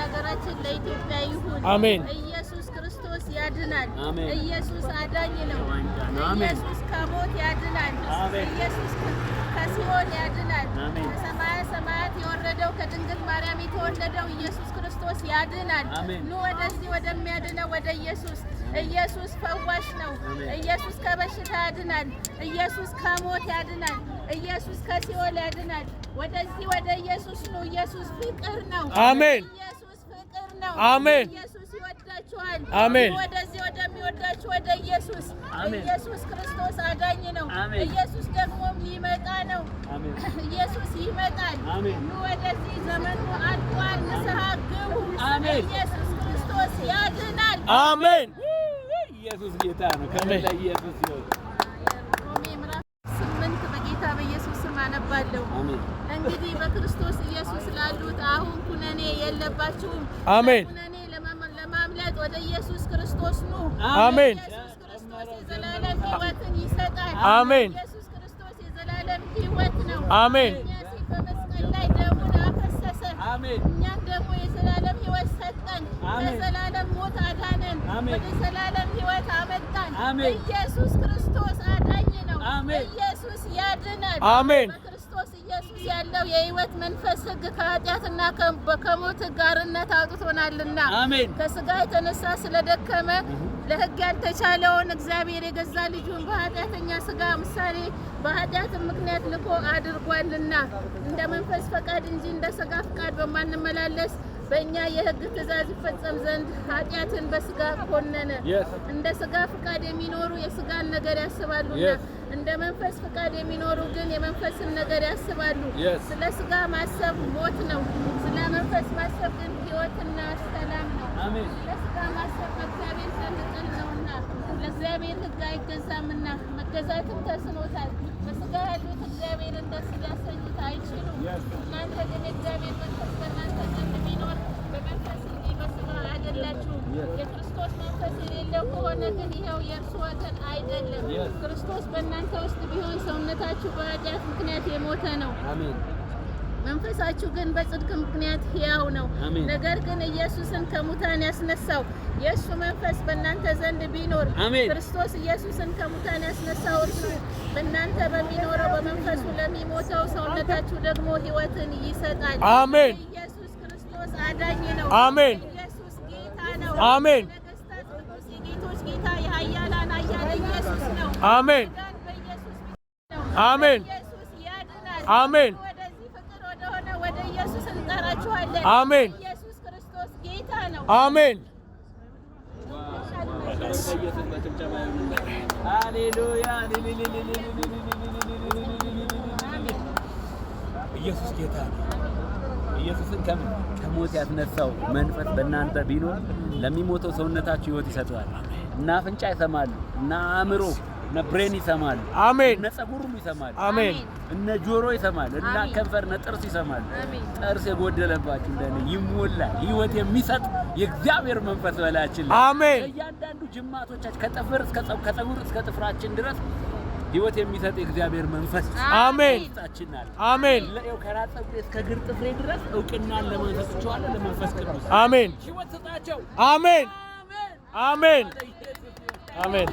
ለሀገራችን ለኢትዮጵያ ይሁን። አሜን። ኢየሱስ ክርስቶስ ያድናል። ኢየሱስ አዳኝ ነው። ኢየሱስ ከሞት ያድናል። ኢየሱስ ከሲኦል ያድናል። ከሰማያ ሰማያት የወረደው ከድንግል ማርያም የተወለደው ኢየሱስ ክርስቶስ ያድናል። ኑ ወደዚህ ወደሚያድነው ወደ ኢየሱስ። ኢየሱስ ፈዋሽ ነው። ኢየሱስ ከበሽታ ያድናል። ኢየሱስ ከሞት ያድናል። ኢየሱስ ከሲኦል ያድናል። ወደዚህ ወደ ኢየሱስ ነው። ኢየሱስ ፍቅር ነው። አሜን። ነው። አሜን። ኢየሱስ ይወዳችኋል። አሜን። ወደዚህ ወደሚወዳችሁ ወደ ኢየሱስ ኢየሱስ ክርስቶስ አዳኝ ነው። ኢየሱስ ደግሞ ሊመጣ ነው። ኢየሱስ ይመጣል። ወደዚህ ዘመኑ አልቋል። ንስሐ ግቡ። ኢየሱስ ክርስቶስ ያድናል። አሜን። ኢየሱስ ጌታ ነው። ከመላ ኢየሱስ ይወጣል። አነባለሁ። እንግዲህ በክርስቶስ ኢየሱስ ላሉት አሁን ኩነኔ የለባችሁም። አሜን። ኩነኔ ለማምለጥ ወደ ኢየሱስ ክርስቶስ ኑ። አሜን። ኢየሱስ ክርስቶስ የዘላለም ሕይወትን ይሰጣል። አሜን። ኢየሱስ ክርስቶስ የዘላለም ሕይወት ነው። አሜን። በመስቀል ላይ ደሙን አፈሰሰ። እኛን ደግሞ የዘላለም ሕይወት ሰጠን። ከዘላለም ሞት አዳነን፣ ወደ ዘላለም ሕይወት አመጣን። ኢየሱስ ክርስቶስ አዳኝ ነው። ኢየሱስ ያድናል። አሜን። በክርስቶስ ኢየሱስ ያለው የህይወት መንፈስ ህግ ከኃጢአትና ከሞት ሕግ የተነሳ ስለደከመ ለህግ ያልተቻለውን እግዚአብሔር የገዛ ልጁን በኃጢአተኛ ሥጋ ምሳሌ ምክንያት ልኮ አድርጓልና እንደ መንፈስ ፈቃድ እንጂ እንደ ፈቃድ በማንመላለስ በእኛ የህግ ትእዛዝ ይፈጸም ዘንድ ኃጢአትን በስጋ ኮነነ። እንደ ስጋ ፍቃድ የሚኖሩ የስጋን ነገር ያስባሉና እንደ መንፈስ ፍቃድ የሚኖሩ ግን የመንፈስን ነገር ያስባሉ። ስለ ስጋ ማሰብ ሞት ነው፣ ስለ መንፈስ ማሰብ ግን ህይወትና ሰላም ነው። ስለ ስጋ ማሰብ በእግዚአብሔር ዘንድ ጥል ነውና ለእግዚአብሔር ህግ አይገዛምና መገዛትም ተስኖታል። በስጋ ያሉት እግዚአብሔርን የክርስቶስ መንፈስ የሌለው ከሆነ ግን ይኸው የእርሱ ወገን አይደለም። ክርስቶስ በእናንተ ውስጥ ቢሆን ሰውነታችሁ በኃጢአት ምክንያት የሞተ ነው፣ መንፈሳችሁ ግን በጽድቅ ምክንያት ሕያው ነው። ነገር ግን ኢየሱስን ከሙታን ያስነሳው የእሱ መንፈስ በእናንተ ዘንድ ቢኖር ክርስቶስ ኢየሱስን ከሙታን ያስነሳው እርሱ በእናንተ በሚኖረው በመንፈሱ ለሚሞተው ሰውነታችሁ ደግሞ ሕይወትን ይሰጣል። አሜን። ኢየሱስ ክርስቶስ አዳኝ ነው። አሜን። አሜን። አሜን። አሜን። አሜን። አሜን። አሜን። ሃሌሉያ ኢየሱስ ጌታ ነው። ኢየሱስን ከሞት ያስነሳው መንፈስ በእናንተ ቢኖር ለሚሞተው ሰውነታችሁ ህይወት ይሰጠዋል። እና አፍንጫ ይሰማሉ፣ እና አእምሮ እነ ብሬን ይሰማሉ። አሜን። እነ ጸጉሩም ይሰማሉ። አሜን። እነ ጆሮ ይሰማል፣ እና ከንፈር፣ እነ ጥርስ ይሰማል። ጥርስ የጎደለባችሁ እንደኔ ይሞላል። ህይወት የሚሰጥ የእግዚአብሔር መንፈስ በላያችን አሜን። እያንዳንዱ ጅማቶቻችን ከጥፍር እስከ ጸጉር እስከ ጥፍራችን ድረስ ህይወት የሚሰጥ የእግዚአብሔር መንፈስ አሜን ታችናል አሜን። ለኤው ከራስ ፀጉሬ እስከ ግር ጥፍሬ ድረስ እውቅናን ለመንፈስ ቸዋለ ለመንፈስ ቅዱስ አሜን። ህይወት ስጣቸው አሜን አሜን አሜን።